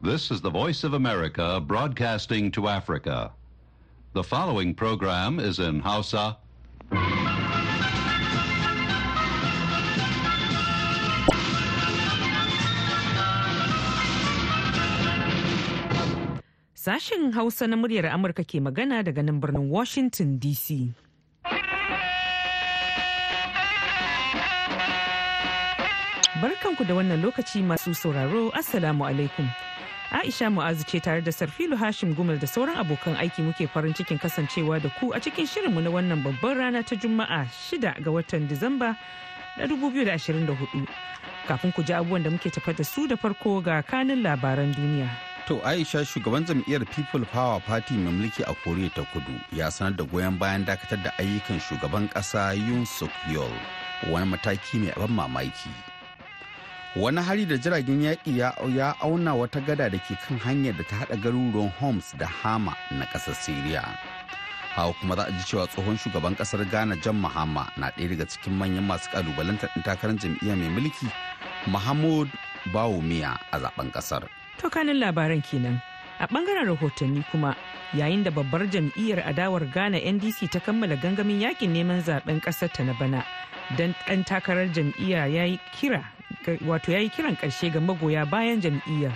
This is the Voice of America broadcasting to Africa. The following program is in Hausa. Sashen Hausa na muryar Amurka ke magana daga nan birnin Washington DC. Barkanku da wannan lokaci masu sauraro, Assalamu alaikum. Aisha Mu'azu ce tare da Sarfilu Hashim Gumal da sauran abokan aiki muke farin cikin kasancewa da ku a cikin shirinmu na wannan babban rana ta Juma'a 6 ga watan Disamba na 2024. Kafin ku ji abubuwan da muke tafa da su da farko ga kanin labaran duniya. To Aisha shugaban jam'iyyar People Power Party mai mulki a Koriya ta Kudu ya sanar da goyon bayan dakatar da ayyukan shugaban ƙasa Yoon Suk Yeol wani mataki mai ban mamaki. wani hari da jiragen yaƙi ya auna wata gada da ke kan hanyar da ta haɗa garuruwan homs da hama na ƙasar syria hawa kuma za a ji cewa tsohon shugaban ƙasar ghana jan mahama na ɗaya daga cikin manyan masu ɗin takarar jam'iyya mai mulki mahmud bawumiya a zaben ƙasar to kanin labaran kenan a ɓangaren rahotanni kuma yayin da babbar jam'iyyar adawar ghana ndc ta kammala gangamin yakin neman zaben ƙasar ta na bana dan ɗan takarar jam'iyya ya yi kira wato ya yi kiran karshe ga magoya bayan jam'iyya.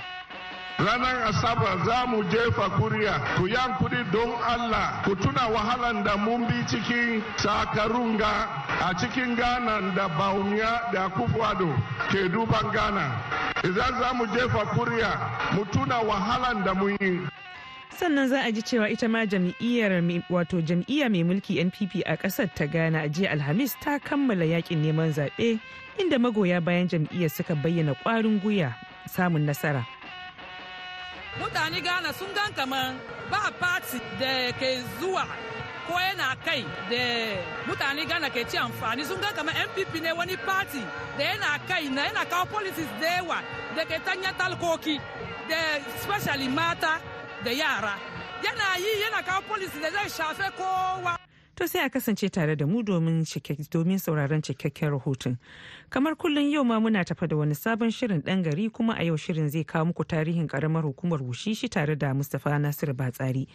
ranar asabar za mu jefa kuriya ku yan kuɗi don allah ku tuna wahalan da mun bi cikin sakarunga a cikin ghana da baumiya da kufuado ke duban ghana idan za mu jefa kuriya mu tuna wahalan da mun yi sannan za a ji cewa ita ma jam'iyyar wato jam'iyya mai mulki npp a kasar ta ghana a jiya alhamis ta kammala yakin neman zaɓe inda magoya bayan jam'iyyar suka bayyana ƙwarin gwiwa samun nasara mutane ghana sun gan kaman ba party da ke zuwa ko yana kai da mutane ghana ke ci amfani sun gan kaman npp ne wani party da yana kai na yana kawo policies da yawa da ke tanya talkoki da specially mata da yara yana yi yana kawo policy da zai shafe kowa to sai a kasance tare da mu domin sauraron cikakken rahoton kamar kullum yau ma muna tafa da wani sabon shirin ɗan gari kuma a yau shirin zai kawo muku tarihin karamar hukumar wushishi tare da mustapha nasir batsari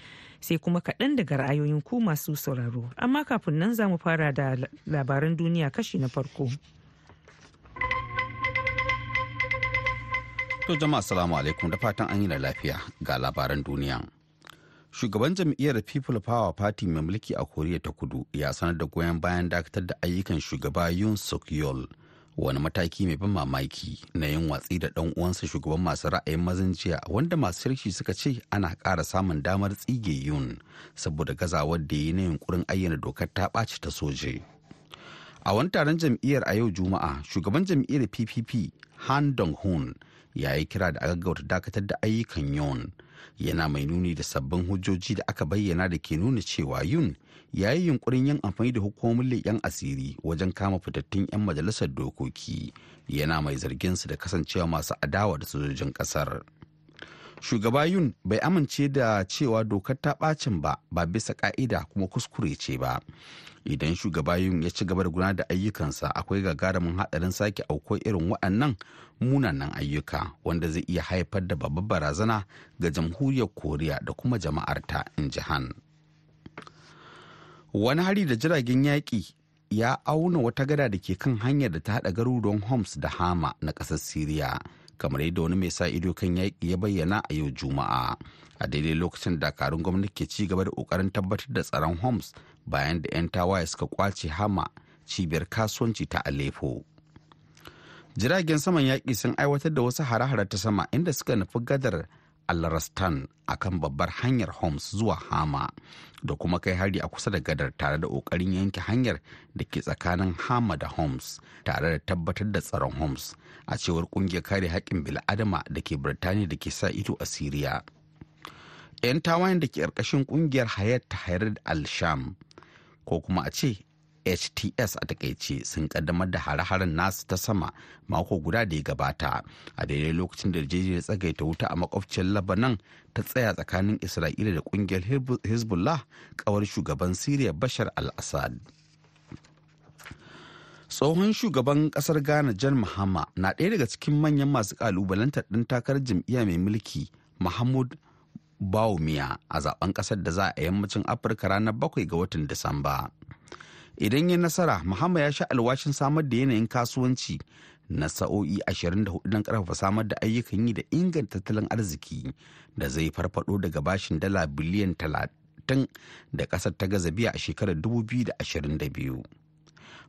sai kuma kaɗan daga ra'ayoyin ku masu sauraro amma kafin nan za mu fara da labaran duniya kashi na farko To jama'a salamu alaikum da fatan an yi da lafiya ga labaran duniya. Shugaban jam'iyyar People Power Party mai mulki a Koriya ta Kudu ya sanar da goyon bayan dakatar da ayyukan shugaba yun Suk yol wani mataki mai ban mamaki na yin watsi da dan uwansa shugaban masu ra'ayin mazan jiya wanda masu sarki suka ce ana kara samun damar tsige yun saboda gazawar da yi na yunkurin ayyana dokar ta ɓaci ta soje. A wani taron jam'iyyar a yau Juma'a, shugaban jam'iyyar PPP handong dong ya yi kira da gaggauta dakatar da ayyukan yun yana mai nuni da sabbin hujjoji da aka bayyana da ke nuna cewa yun ya yi yunkurin yin amfani da hukumomin leƙen asiri wajen kama fitattun 'yan majalisar dokoki yana mai zargin su da kasancewa masu adawa da sojojin kasar. shugaba yun bai amince da cewa dokar ta bacin ba ba bisa ka'ida kuma kuskure ce ba idan shugaba yun ya ci gaba da gudanar da ayyukansa akwai gagarumin haɗarin sake auko irin waɗannan munanan ayyuka wanda zai iya haifar da babbar barazana ga jamhuriyar koriya da kuma jama'arta in jihan wani hari da jiragen yaƙi ya auna wata gada da ke kan hanyar da ta haɗa garuruwan homs da hama na ƙasar siriya kamar yadda wani mai sa ido kan yaƙi ya bayyana a yau juma'a a daidai lokacin dakarun gwamnati ke ci gaba da ƙoƙarin tabbatar da tsaron homs bayan da 'yan tawaye suka kwace hama cibiyar kasuwanci ta aleppo jiragen saman yaƙi sun aiwatar da wasu hare-hare ta sama inda suka nufi gadar alarastan a kan babbar hanyar homs zuwa hama da kuma kai hari a kusa da gadar tare da ƙoƙarin yanke hanyar da ke tsakanin hama da homs tare da tabbatar da tsaron homs a cewar ƙungiyar kare haƙƙin bil'adama da ke birtaniya da ke sa ido a siriya 'yan tawayen da ke ƙarƙashin ƙungiyar hayat hayar al-sham ko kuma a ce hts a takaice sun kaddamar da hare-haren nasu ta sama mako guda da ya gabata a daidai lokacin da yarjejeniyar tsagaita wuta a makwabciyar labanan ta tsaya tsakanin isra'ila da kungiyar hezbollah kawar shugaban Syria bashar al-assad tsohon shugaban kasar ghana john mahama na ɗaya daga cikin manyan masu kalubalantar ɗin takarar jam'iyya mai mulki mahmud bawumia a zaben kasar da za a yammacin afirka ranar 7 ga watan disamba idan ya nasara muhammad ya sha alwashin samar da yanayin kasuwanci na sa'o'i 24 don karfafa samar da ayyukan yi da inganta tattalin arziki da zai farfado daga bashin dala biliyan 30 da kasar ta gaza biya a shekarar 2022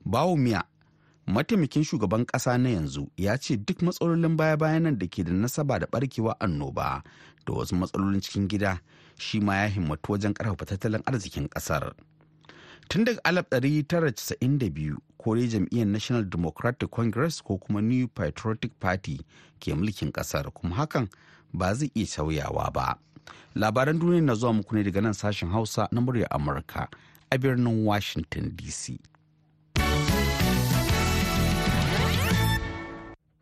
bawo miya mataimakin shugaban kasa na yanzu ya ce duk matsalolin baya-bayan nan da ke da nasaba da barkewa annoba da wasu matsalolin cikin gida shi ma ya himmatu wajen karfafa tattalin arzikin kasar. tun daga 1992 kore jam'iyyar national democratic congress ko kuma new patriotic party ke mulkin kasar kuma hakan ba zai iya sauyawa ba labaran duniya na zuwa muku ne daga nan sashen hausa na muryar amurka a birnin washington dc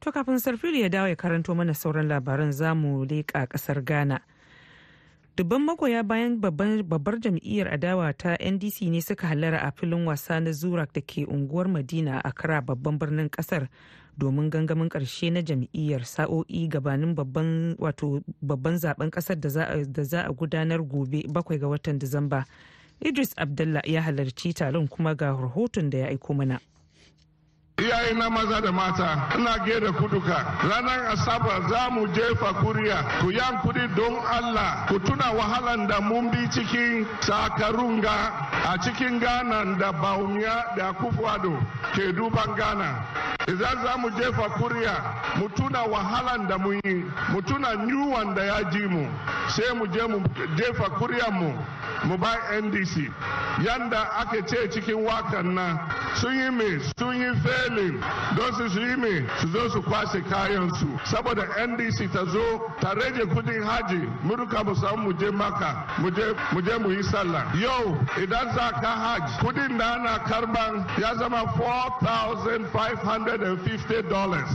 to kafin sarfili ya dawo ya karanto mana sauran labaran zamu leƙa ƙasar ghana dubban magoya bayan babbar jam'iyyar adawa ta ndc ne suka halara a filin wasa na zurak da ke unguwar madina a kara babban birnin kasar domin gangamin karshe na jam'iyyar sa'o'i gabanin babban zaben kasar da za a gudanar gobe bakwai ga watan disamba idris abdullah ya halarci taron kuma ga rahoton da ya aiko mana iyaye na maza da mata ina ge ku duka ranar asabar za mu jefa kuriya ku yan kudi don allah ku tuna wahalan da mun bi cikin sakarunga a cikin gana da baumiya da kufuwado ke duban gana idan za mu jefa kuriya mu tuna wahalan da mun yi mu tuna nyuwan da ya ji mu sai mu je mu jefa kuriyan mu mu ba ndc yanda aka ce cikin wakan nan sun yi mai sun yi felin don su su yi mai su zo su kwashe kayansu saboda ndc ta zo ta rage kudin haji muruka mu samu mu je maka mu je mu yi sallah yau idan za ka haji kudin da ana karban ya zama 4,550 dollars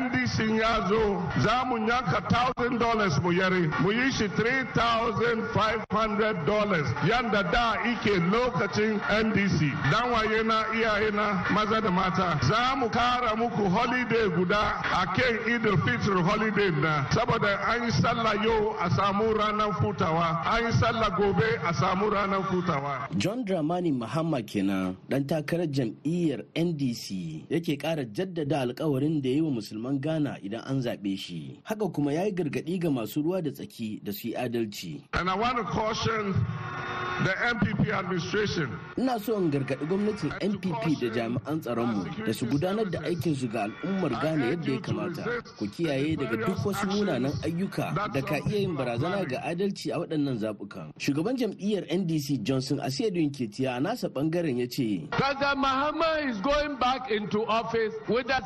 ndc ya zo za mu yanka 1,000 dollars mu yare mu yi shi 3,500 dollars yanda da ike lokacin ndc dan waye na iyaye na maza da mata za mu kara muku holiday guda a kan idil fitr holiday na saboda an yi sallah yau a samu ranar futawa an yi sallah gobe a samu ranar futawa john dramani muhammad kenan dan takarar jam'iyyar ndc yake kara jaddada alkawarin da yi wa musulman ghana idan an zaɓe shi haka kuma ya yi gargaɗi ga masu ruwa da tsaki da su yi adalci and i want to caution da NPP administration. Ina so in gargaɗi gwamnatin NPP da jami'an tsaronmu da su gudanar da aikinsu ga al'ummar Ghana yadda ya kamata. Ku kiyaye daga duk wasu munanan ayyuka da ka iya yin barazana ga adalci a waɗannan zaɓuka. Shugaban jam'iyyar NDC Johnson Asiedun Ketiya a nasa ɓangaren ya ce. Mahama is going back into office with a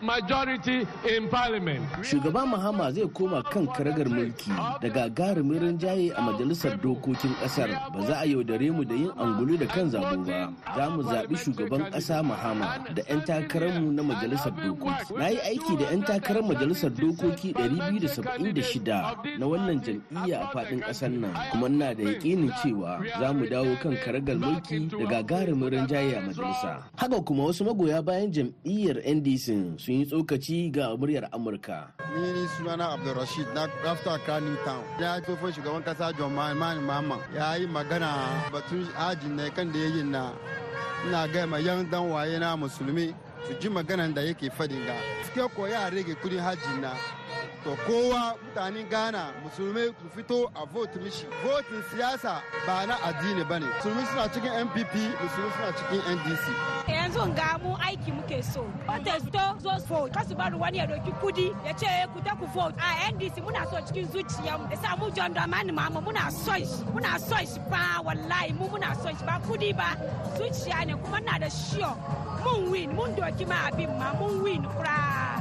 majority in parliament. Shugaba Mahama zai koma kan karagar mulki da gagarumin rinjaye a majalisar dokokin ƙasar. ba za a yaudare mu da yin angulu da kan zabo ba za mu zaɓi shugaban ƙasa mahama da 'yan takararmu na majalisar dokoki na yi aiki da 'yan takarar majalisar dokoki 276 na wannan jam'iyya a faɗin ƙasar nan kuma ina da yaƙinin cewa za mu dawo kan karagar mulki da gagarumin rinjaye a majalisa haka kuma wasu magoya bayan jam'iyyar ndc sun yi tsokaci ga muryar amurka ni sunana abdulrashid na after kano town ya shugaban kasa john mahama ya yi magana batun ajin ne kan da yayin na ina gaya ma yan dan waye na musulmi su ji maganan da yake fadin ga suke koya rage kudin hajji na to kowa mutanen ghana musulmi ku fito a vote mishi votin siyasa ba na addini bane musulmi suna cikin npp musulmi suna cikin ndc yanzu ga mu aiki muke so voters to zo vote kasu bari wani ya doki kudi ya ce eh, ku ta ku vote a ndc muna so cikin zuciyarmu ya samu john dramani mama muna son shi muna son shi ba wallahi mu muna so shi ba kudi ba zuciya ne kuma na da shiyo mun win mun doki ma abin ma mun win kura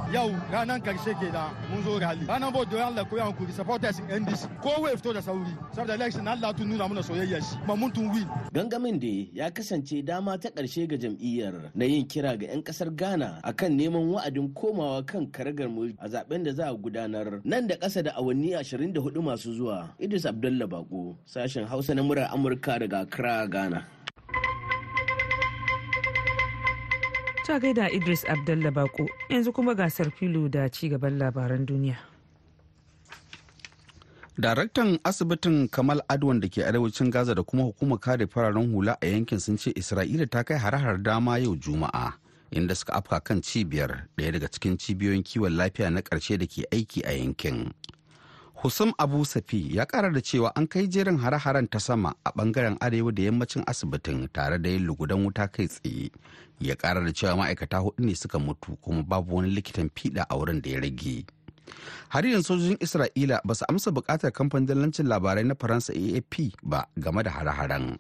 yau ranar karshe ke da mun zo rali ranar bo don Allah koyan kuri supporters in ko kowai fito da sauri saboda election Allah tun nuna mana soyayya shi ma mun tun win gangamin da ya kasance dama ta karshe ga jam'iyyar na yin kira ga 'yan kasar Ghana akan neman wa'adin komawa kan karagar mulki a zaben da za a gudanar nan da kasa da awanni 24 masu zuwa Idris Abdullahi Bako sashen Hausa na murar Amurka daga Accra Ghana ta gaida idris abdallah bako yanzu kuma gasar filo da ci gaban labaran duniya daraktan asibitin kamal adwan da ke arewacin gaza da kuma hukumar kare fararen hula a yankin sun ce isra'ila ta kai harahar dama yau juma'a inda suka afka kan cibiyar daya daga cikin cibiyoyin kiwon lafiya na ƙarshe da ke aiki a yankin Hussam Abu Safi ya kara da cewa an kai jerin hare-haren ta sama a bangaren arewa da yammacin asibitin tare da yin lugudan wuta kai tsaye. Ya kara da cewa ma'aikata hudu ne suka mutu kuma babu wani likitan fiɗa a wurin da ya rage. Har yanzu sojojin Isra'ila ba su amsa bukatar kamfanin labarai na Faransa AAP ba game da hare-haren.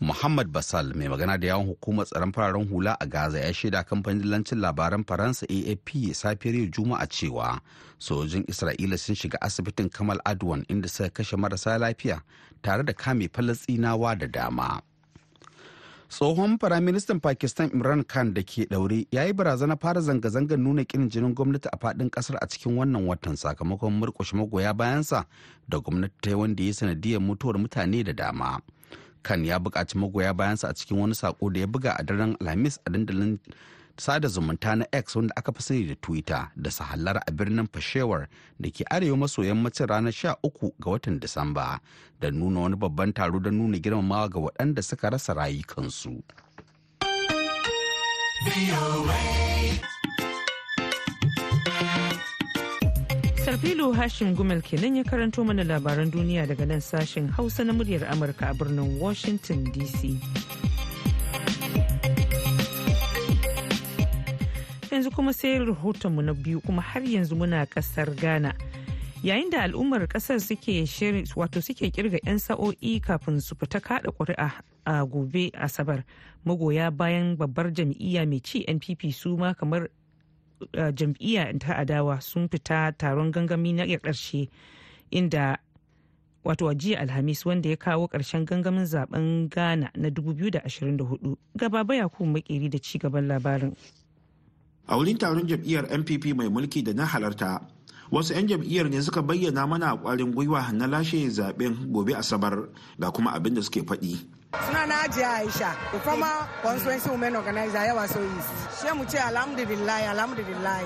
Muhammad Basal mai magana da yawon hukumar tsaron fararen hula a Gaza ya shaida kamfanin lancin labaran Faransa AAP safiyar yau Juma'a cewa sojojin Isra'ila sun shiga asibitin Kamal Adwan inda suka kashe marasa lafiya tare da kame Falasɗinawa da dama. Tsohon Firaministan Pakistan Imran Khan da ke ɗaure ya yi barazana fara zanga-zangar nuna ƙin jinin gwamnati a faɗin ƙasar a cikin wannan watan sakamakon murƙushe magoya bayansa da gwamnati ta yi wanda ya sanadiyar mutuwar mutane da dama. kan ya buƙaci magoya bayansa a cikin wani sako da ya buga a daren alhamis a dandalin sada zumunta na x wanda aka fi sani da twitter da su hallara a birnin fashewar da ke arewa maso yammacin ranar sha uku ga watan disamba da nuna wani babban taro don nuna girmamawa ga waɗanda suka rasa rayukansu. filo Hashim Gumel kenan ya karanto mana labaran duniya daga nan sashen Hausa na muryar Amurka a birnin Washington DC. Yanzu kuma sai rahotonmu na biyu kuma har yanzu muna kasar Ghana. Yayin da al'ummar kasar suke shirin wato suke kirga 'yan sa'o'i kafin su fita kada ƙuri'a a gobe Asabar. Magoya bayan babbar jam'iyya mai ci NPP su ma kamar jam'iyya ta adawa sun fita taron gangami na karshe inda wato jiya alhamis wanda ya kawo karshen gangamin zaben ghana na 2024 gaba baya kuma makeri da ci gaban labarin a wurin taron jam'iyyar npp mai mulki da na halarta wasu 'yan jam'iyyar ne suka bayyana mana kwarin gwiwa na lashe zaben gobe asabar ga kuma abin da suke faɗi Suna na Hajiya Aisha, the former constituency women organizer yawa so east. She mu ce alhamdulillah alhamdulillah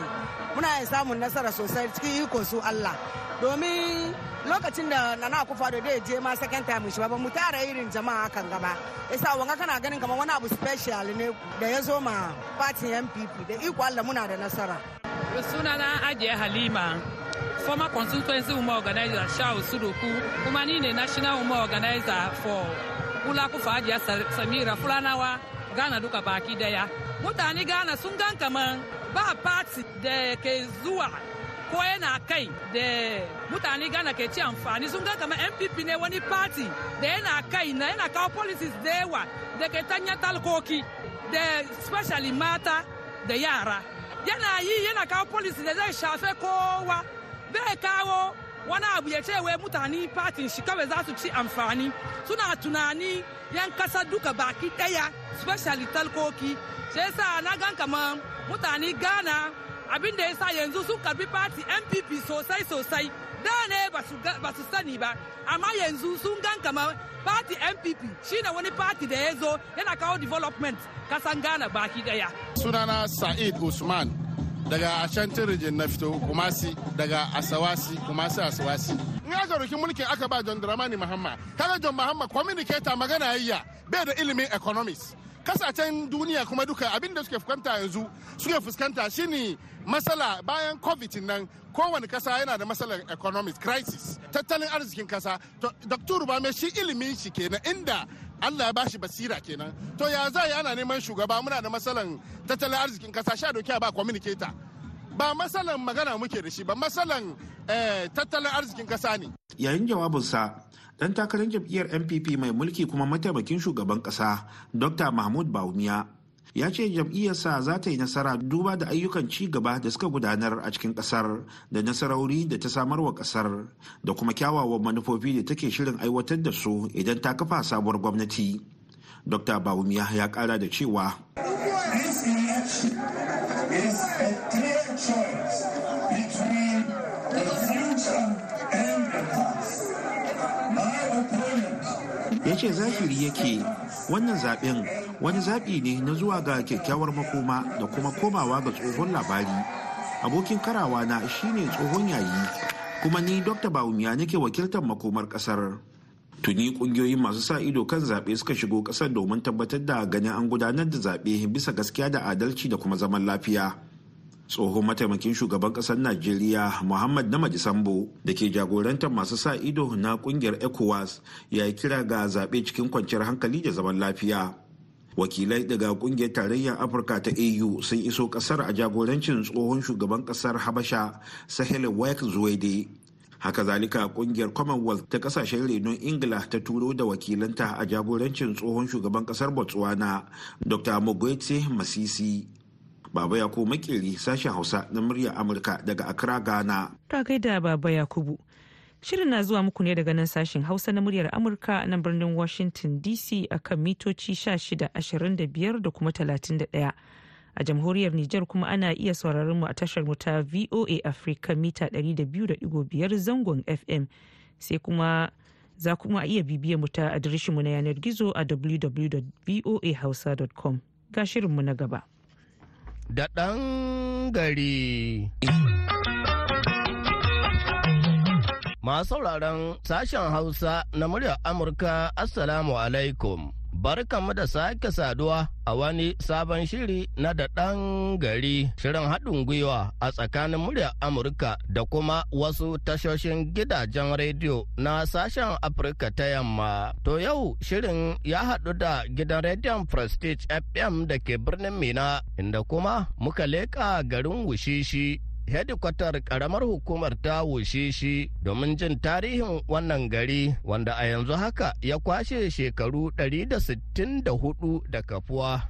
Muna samun nasara sosai cikin iko su Allah. Domin lokacin da nana ku fado da je ma second time shi ba mu tara irin jama'a kan gaba yasa wanga kana ganin kamar wani abu special ne da ya zo ma party MPP da iko Allah muna da nasara suna na Ajiye Halima former constituency women organizer Shaw Sudoku kuma ni ne national women organizer for kula ku fajiya samira fulanawa gana duka baki daya mutane gana sun gan kaman ba party da ke zuwa ko yana kai da mutane gana ke ci amfani sun gan kaman npp ne wani party da yana kai na yana kawo policies da yawa da ke tanya talkoki da especially mata da yara yana yi yana kawo policies da zai shafe kowa bai kawo wani abu ya ce wai mutane fatin shi kawai za su ci amfani suna tunani yan kasa duka baki daya specially talkoki sai sa na gan kamar mutane ghana abin da ya sa yanzu sun karbi fati npp sosai sosai da ne ba su sani ba amma yanzu sun gan kamar fati npp shine wani fati da ya zo yana kawo development kasan ghana baki daya sunana sa'id usman daga Ashanti Rijin na fito Kumasi daga Asawasi Kumasi Asawasi. In ya zaruki mulkin aka ba John Dramani mahamma kaga John mahamma communicator magana yayya bai da ilimin economics. kasashen duniya kuma duka abin da suke fuskanta yanzu suke fuskanta shine matsala bayan covid nan kowane kasa yana da matsalar economic crisis tattalin arzikin kasa dr rubame shi ilimin shi kenan inda Allah ya bashi basira kenan to ya za yi ana neman shugaba muna da matsalan tattalin arzikin kasa sha dokiya ba communicator ba matsalan magana muke da shi ba matsalan eh, tattalin arzikin kasa ne yayin jawabin sa dan takarar jam'iyyar npp mai mulki kuma mataimakin shugaban kasa dr mahmud baumiya ya ce jam'iyyarsa za ta yi nasara duba da ayyukan ci gaba da suka gudanar a cikin kasar da nasarori da ta samar wa kasar da kuma kyawawan manufofi da take shirin aiwatar da su idan ta kafa sabuwar gwamnati dr bawumiya ya kara da cewa ya ce zahiri yake wannan zaben wani zaɓi ne na zuwa ga kyakkyawar makoma da kuma komawa ga tsohon labari abokin karawa na shine tsohon yayi kuma ni dr bawumiya nake wakiltar makomar kasar tuni kungiyoyin masu sa ido kan zaɓe suka shigo ƙasar domin tabbatar da ganin an gudanar da zaɓe bisa gaskiya da adalci da kuma zaman lafiya tsohon mataimakin shugaban kasar najeriya muhammad na sambo da ke jagorantar masu sa ido na kungiyar ecowas ya yi kira ga zaɓe cikin kwanciyar hankali da zaman lafiya wakilai daga kungiyar tarayyar afirka ta au sun iso kasar a jagorancin tsohon shugaban kasar habasha sahel wek zuwede haka zalika kungiyar commonwealth ta kasashen renon ingila ta turo da wakilanta a jagorancin tsohon shugaban kasar botswana dr mogwete masisi Baba Yakubu Makeri sashen Hausa na murya Amurka daga Accra, Ghana. Ta gaida Baba Yakubu. Shirin na zuwa muku ne daga nan sashen Hausa na muryar Amurka nan birnin Washington DC a kan mitoci shida 1625 da kuma 31. A jamhuriyar Nijar kuma ana iya sauraron mu a tashar mu ta VOA Africa mita 200.5 zangon FM. Sai kuma za kuma iya bibiyar mu ta adireshin mu na yanar gizo a www.voahausa.com. Ga shirinmu na gaba. da ɗan gari. Masu sauraron sashen Hausa na muryar Amurka, Assalamu alaikum. barkamu da sake saduwa a wani sabon shiri na da ɗan gari shirin haɗin gwiwa a tsakanin murya Amurka da kuma wasu tashoshin gidajen rediyo na sashen Afirka ta yamma. To yau shirin ya haɗu da gidan rediyon Prestige FM da ke birnin Mina inda kuma muka leƙa garin Wushishi hedikwatar karamar hukumar ta wushe shi domin jin tarihin wannan gari wanda a yanzu haka ya kwashe shekaru 164 da kafuwa.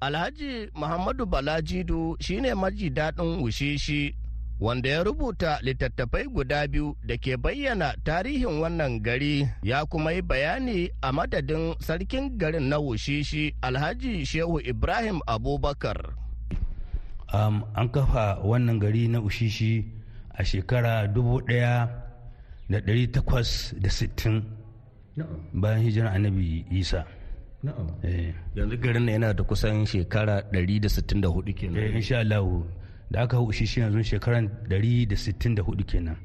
Alhaji Muhammadu Balajidu shine maji daɗin shi. wanda ya rubuta littattafai guda biyu da ke bayyana tarihin wannan gari ya kuma yi bayani a madadin sarkin garin na wushishi alhaji shehu ibrahim abubakar um, an kafa wannan gari na ushishi a shekara 1860 bayan hijirar annabi isa eh. yanzu garin yana da kusan shekara 164 kenan eh, insha Allah da aka hau shi yanzu shekaran 164 kenan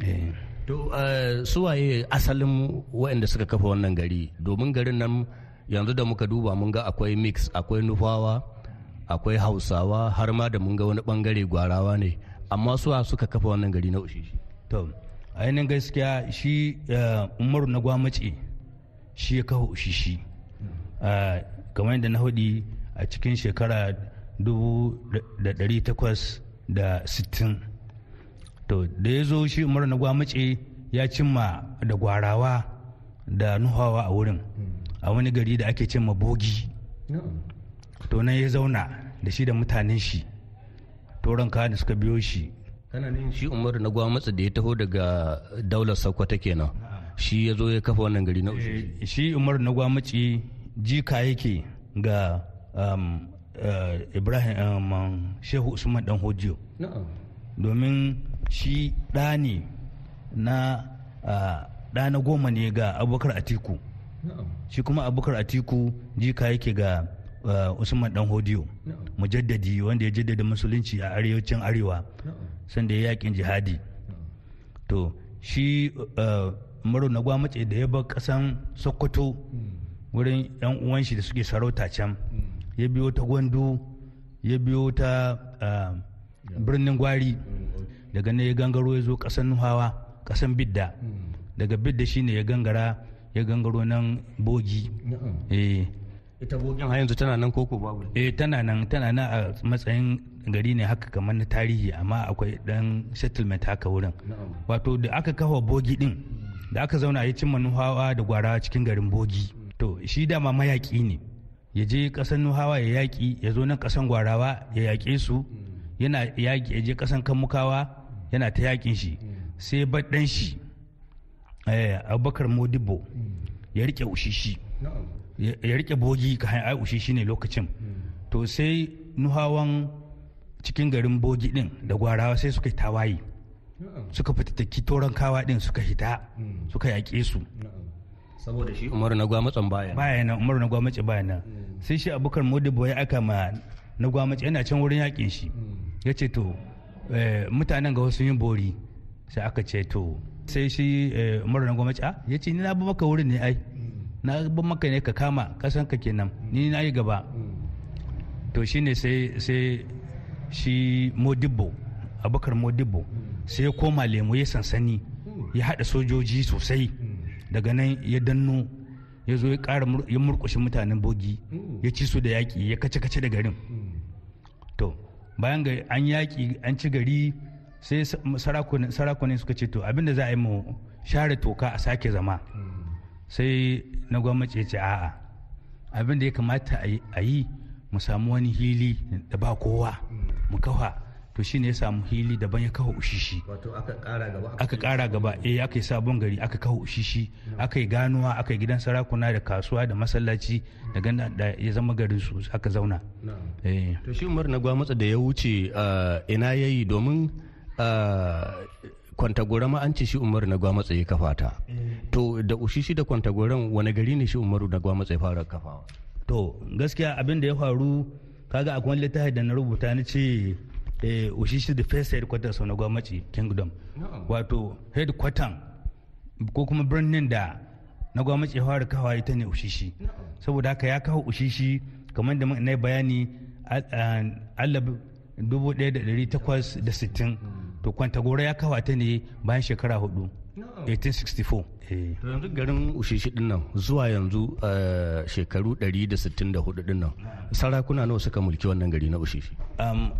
eh. to eh, suwaye asalin waɗanda suka kafa wannan gari domin garin nan yanzu da muka duba mun ga akwai mix akwai nufawa akwai hausawa har ma da mun ga wani bangare gwarawa ne amma suwa suka kafa wannan gari na ushishi to ainihin gaskiya shi eh, umar na gwamnati shi ya kafa ushishi mm. kamar yadda na hudi a cikin shekara 1860 to da ya zo shi umar na gwamace ya cimma da gwarawa da nuhawa a wurin a wani gari da ake cimma bogi to nan ya zauna da shi da mutanen shi toron kayan da suka biyo shi kana ne shi umar na gwamnati da ya taho daga daular sakwata kenan shi ya zo ya kafa wannan gari na eh, shi umar na gwamnati jika yake ga um, Eh, ibrahim eh, shehu usman dan hojiyo domin shi ɗa na eh, ɗa goma ne ga abubakar atiku shi kuma abubakar atiku jika yake ga usman dan hodiyo mujaddadi wanda ya jaddada musulunci a arewacin arewa sanda ya yakin jihadi to shi maro na gwamnati da ya bar kasan sokoto hmm. wurin yan uwan shi da suke sarauta can hmm. ya biyo ta gwandu ya biyo ta ah, birnin gwari daga nan ya gangaro ya zo kasan nuhawa kasan bidda daga bidda shine ya gangara ya gangaro nan bogi eh. ita bogin yanzu tana nan koko babu eh tana nan tana nan a matsayin gari ne haka kamar na tarihi amma akwai dan settlement haka wurin wato da aka kafa bogi din da aka zauna a yi cimma nuhawa da gwarawa cikin garin bogi to shi dama mayaki ne ya je kasan nuhawa ya yaƙi ya zo nan kasan gwarawa ya yaƙe su mm. yana ya je kasan kamukawa yana ta yaƙin shi mm. sai baɗan shi eh, abubakar modibo mm. ya riƙe ushishi ya riƙe bogi ka hanyar ushishi ne lokacin to sai nuhawan cikin garin bogi ɗin da gwarawa sai suka yi tawaye suka fitattaki toron kawa ɗin suka hita suka yaƙe su saboda shi umaru na gwamnatin baya baya nan umaru na gwamnatin baya nan hmm. sai shi abubakar modibo ya aka ma na gwamace yana can wurin yakin shi hmm. ya ce to eh, mutanen ga wasu yin bori sai aka ce to sai shi eh, umaru na gwamace a ah, ya ce ni na maka wurin ne ai hmm. na bi maka ne ka kama kasan ka kenan ni na yi gaba to shine sai sai shi modibo abubakar modibo sai ya koma lemu ya sansani ya hada sojoji sosai daga nan ya danno ya zo ya kara ya murkushe mutanen bogi hmm. ya ci su da yaƙi ya kace-kace da garin hmm. to bayan ga an yaƙi an ci gari sai sarakunan suka ce to abinda za a yi mu share toka a sake zama hmm. sai na gwamnati ya ce a'a abinda ya kamata a yi mu samu wani hili da ba kowa mu kafa to shi ne ya samu hili daban ya kawo ushishi wato aka kara gaba aka kara gaba eh aka yi sabon gari aka kawo ushishi hmm. aka yi ganuwa aka yi gidan sarakuna da kasuwa da masallaci hmm. Da ganda da ya zama garin su aka zauna eh to shi Umar na gwamnati da ya wuce ah, ina yayi domin ah, kwantagora ma an ce shi Umar na gwamnati ya kafa ta eh. to da ushishi da kwantagoran wani gari ne shi umar na gwamnati ya fara kafawa to gaskiya abin da ya faru kaga akwai littafi da na rubuta ni ce Eh, Oshishi Defense Headquarters na gwamnati Kingdom. Wato headquarter ko kuma birnin da na gwamnati ya fara kawa ita ne ushishi Saboda haka ya kawo ushishi kamar da na bayani alab 1860 to kwantagora ya kawo ta ne bayan shekara hudu. 1864 eh. yanzu garin ushishi din nan zuwa yanzu eh, shekaru 164 din nan sarakuna nawa suka mulki wannan gari na ushishi um,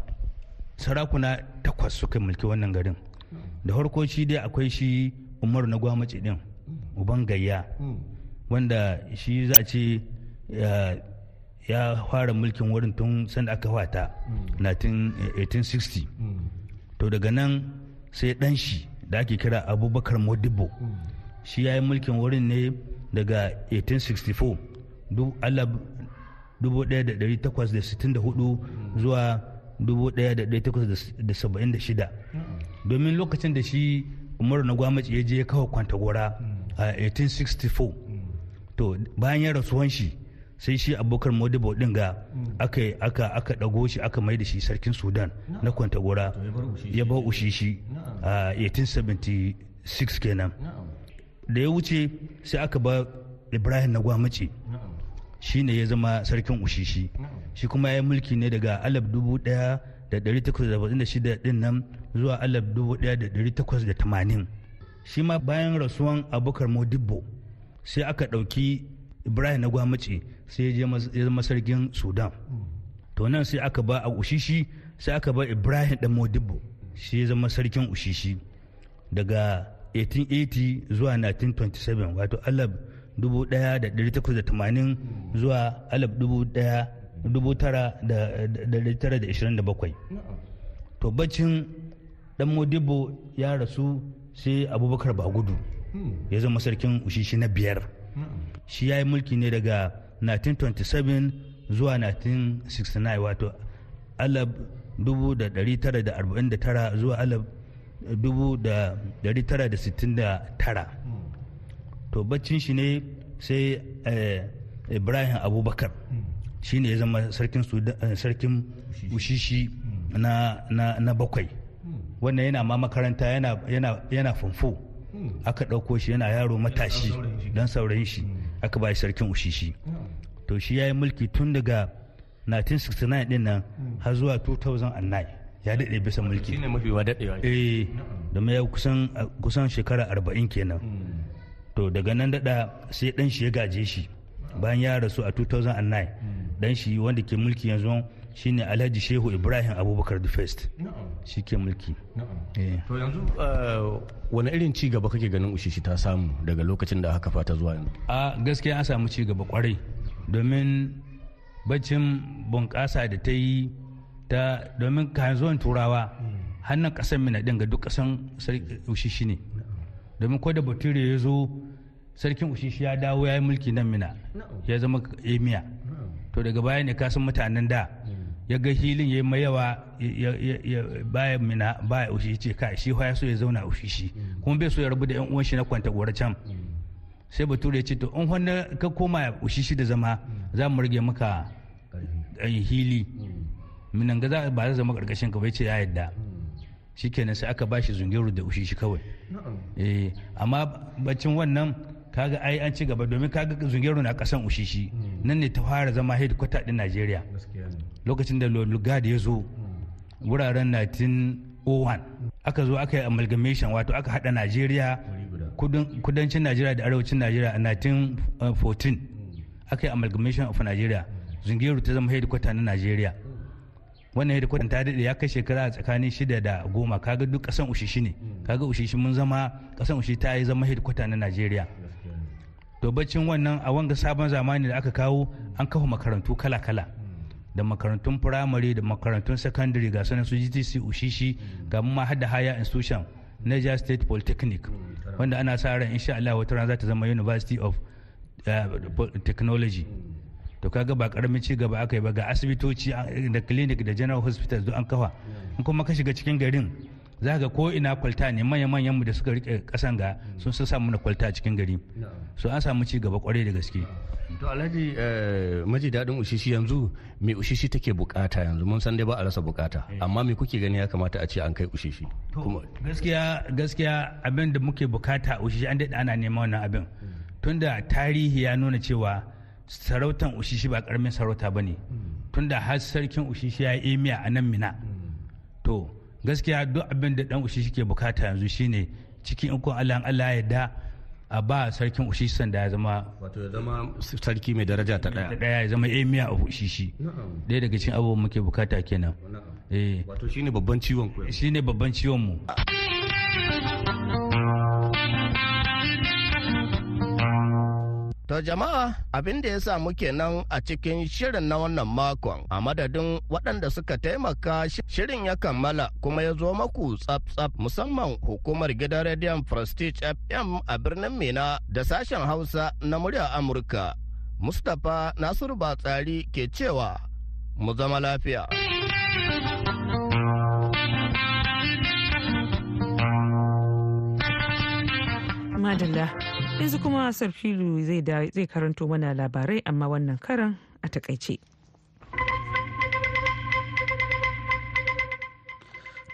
sarakuna takwas suka mulki wannan garin da farko shi dai akwai shi umar na gwamnati din uban gayya wanda shi za a ce eh, ya fara mulkin wurin tun sanda aka wata 1860 to daga nan sai dan shi da ake kira abubakar modibo shi ya yi mulkin wurin ne daga 1864 1864 zuwa 1876 domin lokacin da shi umaru na gwamnati ya je ya kawo kwantagora a 1864 to bayan ya rasuwan shi sai shi abokan modibo din ga aka aka aka dago shi aka mai da shi sarkin sudan na gora ya bar ushishi a 1876 kenan da ya wuce sai aka ba ibrahim na gwamnati shi ne ya zama sarkin ushishi shi kuma ya yi mulki ne daga alaf dubu daya da dari takwas da shida din nan zuwa alaf dubu daya da dari takwas da tamanin shi ma bayan rasuwan abokar modibbo sai aka ɗauki ibrahim na gwamnati sai ya zama sarkin sudan to nan sai aka ba a ushishi sai aka ba ibrahim da modibbo shi ya zama sarkin ushishi daga 1880 zuwa 1927 wato alab 1880 zuwa 1927 to bacin dan modibo ya rasu sai abubakar bagudu hmm. ya zama sarkin ushishi na biyar hmm. shi ya yi mulki ne daga 1927 zuwa 1969 wato 1949 zuwa 1969 to baccin shi ne sai eh, ibrahim abubakar shi ne ya zama sarkin eh, ushishi na bakwai wannan yana ma makaranta yana famfo aka ɗauko shi yana yaro matashi don saurayin shi aka ba shi sarkin ushishi to shi ya yi mulki tun daga 1969 din nan har zuwa 2009 ya daɗe bisa mulki eh domin ya kusan shekara 40 kenan to daga nan daɗa sai dan shi ya gaje shi bayan ya rasu a 2009 dan shi wanda ke mulki yanzu shine alhaji shehu ibrahim abubakar the first shi ke mulki eh. to yanzu eh, wani irin ci gaba kake ganin ushishi ta samu daga lokacin da aka fata zuwa yanzu a gaskiya an samu ci gaba kwarai domin baccin bunƙasa da ta yi ta domin kayan zuwan turawa hmm. hannun ƙasar mina ɗin ga duk ƙasan ushishi ne domin ko da ya zo sarkin ushishi ya dawo ya yi mulki nan mina ya zama emiya to daga baya ne kasan mutanen da mm. ya ga hilin ya mai yawa baya mina baya ushishi ce kai shi ya so ya zauna ushishi mm. kuma bai so ya rabu da yan uwan shi na kwanta gora can mm. sai bature ya ce to in wanda ka koma ushishi da zama za mu rage maka hili minan ga ba za zama karkashin ka bai ce ya yadda shikenan sai aka bashi zungiru da ushishi kawai eh, amma bacin wannan kaga ai an ci gaba domin kaga zungero na kasan ushishi hmm. nan ne ta fara zama headquarter din Najeriya lokacin da Lugard ya zo hmm. wuraren 1901 aka zo aka yi amalgamation wato aka hada Najeriya kudancin Najeriya da arewacin Najeriya a 1914 hmm. aka yi amalgamation of Najeriya zungero ta zama headquarter na Najeriya wannan headquarter ta daɗe ya kai shekara tsakanin shida da goma kaga duk kasan ushishi ne kaga ushishi mun zama kasan ushishi ta yi zama headquarter na Najeriya to baccin wannan a wanga sabon zamani da aka kawo an kafa makarantu kala-kala da makarantun firamare da makarantun sakandare ga sanar su gtc ushishi ga ma hada haya institution niger state polytechnic wanda ana sa ran insha Allah wata ran za ta zama university of eh, technology to kaga ba karamin ci gaba aka yi ba ga asibitoci da clinic da general hospitals duk an kafa in kuma ka shiga cikin garin za ga ko ina kwalta ne manya-manyan mu da suka rike kasan ga mm. sun sa samu na kwalta cikin gari so an samu ci gaba kwarai da gaske to alhaji eh, maji dadin ushishi yanzu me ushishi take bukata yanzu mun san dai ba a rasa bukata eh. amma me kuke gani ya kamata a ce an kai ushishi gaskiya gaskiya abin da muke bukata ushishi an daɗe ana neman wannan abin mm. tunda tarihi ya nuna cewa sarautan ushishi ba karamin sarauta bane mm. tunda har sarkin ushishi ya yi emiya a nan mina to gaskiya duk abin da dan ushi shike bukata yanzu shine cikin ikon Allah Allah ya da a ba sarkin san da ya zama wato ya zama sarki mai daraja ta daya daya ya zama emiya eh, a ushishi daya daga cikin abubuwan muke bukata kenan eh wato shine babban ciwon ku shine babban ciwon mu To jama'a abin da ya samu kenan a cikin shirin na wannan makon a madadin waɗanda suka taimaka shirin ya kammala kuma ya zo maku tsaf-tsaf musamman hukumar gidan rediyon Prestige FM a birnin Mina da sashen Hausa na murya Amurka. Mustapha Nasiru Batsari ke cewa mu zama lafiya. Madalla. yanzu kuma sarfilu zai karanto mana labarai amma wannan karan a takaice.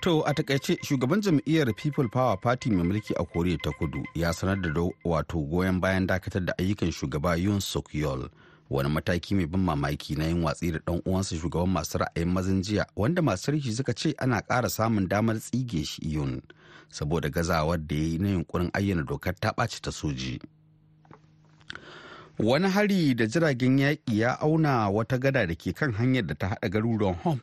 To a takaice shugaban jam'iyyar People Power Party mai mulki a Koriya ta Kudu ya sanar da wato goyon bayan dakatar da ayyukan shugaba yun Suk Yeol wani mataki mai ban mamaki na yin watsi da dan uwansa shugaban masu ra'ayin mazan jiya wanda masu rishi suka ce ana ƙara samun damar tsige shi yun. saboda gazawar da ya yi na yunkurin ayyana dokar ta ɓaci ta soji wani hari da jiragen yaƙi ya auna wata gada da ke kan hanyar da ta haɗa garuruwan hom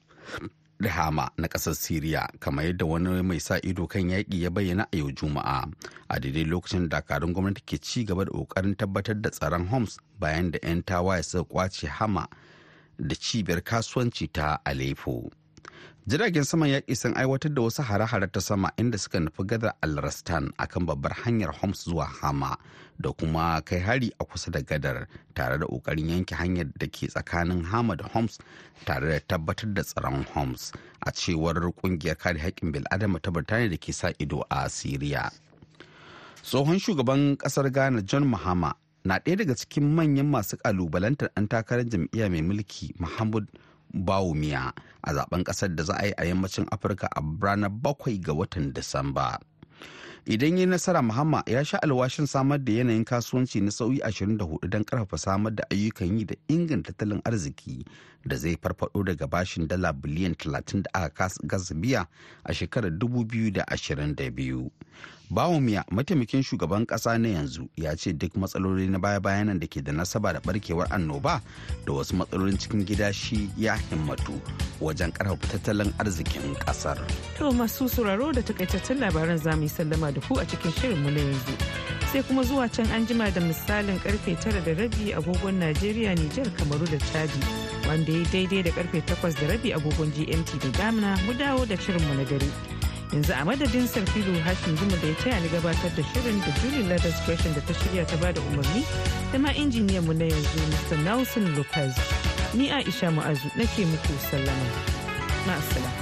da hama na ƙasar siriya kamar yadda wani mai sa ido kan yaƙi ya bayyana a yau juma'a a daidai lokacin dakarun gwamnati ke ci gaba da ƙoƙarin tabbatar da tsaron homs bayan da 'yan tawaye suka kwace hama da cibiyar kasuwanci ta aleppo jiragen saman yaƙi sun aiwatar da wasu hare-hare ta sama inda suka nufi gada alrastan a kan babbar hanyar homs zuwa hama da kuma kai hari a kusa da gadar tare da ƙoƙarin yanke hanyar da ke tsakanin hama da homs tare da tabbatar da tsaron homs a cewar ƙungiyar kare haƙƙin bil'adama ta birtaniya da ke sa ido a siriya tsohon shugaban ƙasar ghana john mahama na ɗaya daga cikin manyan masu ƙalubalantar an takarar jam'iyya mai mulki mahmud miya a zaben kasar da za a yi a yammacin afirka a ranar bakwai ga watan disamba idan yi nasara muhamma ya sha alwashin samar da yanayin kasuwanci na sauyi 24 don karfafa samar da ayyukan yi da inganta tattalin arziki da zai farfado daga bashin dala biliyan 30 da aka gasa biya a shekarar 2022 miya mataimakin shugaban kasa na yanzu ya ce duk matsaloli na baya-bayan nan da ke da nasaba da barkewar annoba da wasu matsalolin cikin gida shi ya himmatu wajen karfafa tattalin arzikin kasar. To masu sauraro da takaitattun labaran zamu yi sallama da ku a cikin mu na yanzu. Sai kuma zuwa can an jima da misalin karfe tara da rabi agogon Najeriya, Nijar, Kamaru da Chadi. Wanda ya daidai da karfe takwas da rabi agogon GMT da Ghana mu dawo da shirin mu na dare. yanzu a madadin sarfilu hashin guma da ya taya ni gabatar da shirin da julie ladas question da ta shirya ta bada umarni da ma injiniyan mu na yanzu mr nelson lopez ni aisha mu'azu nake muku sallama ma'asala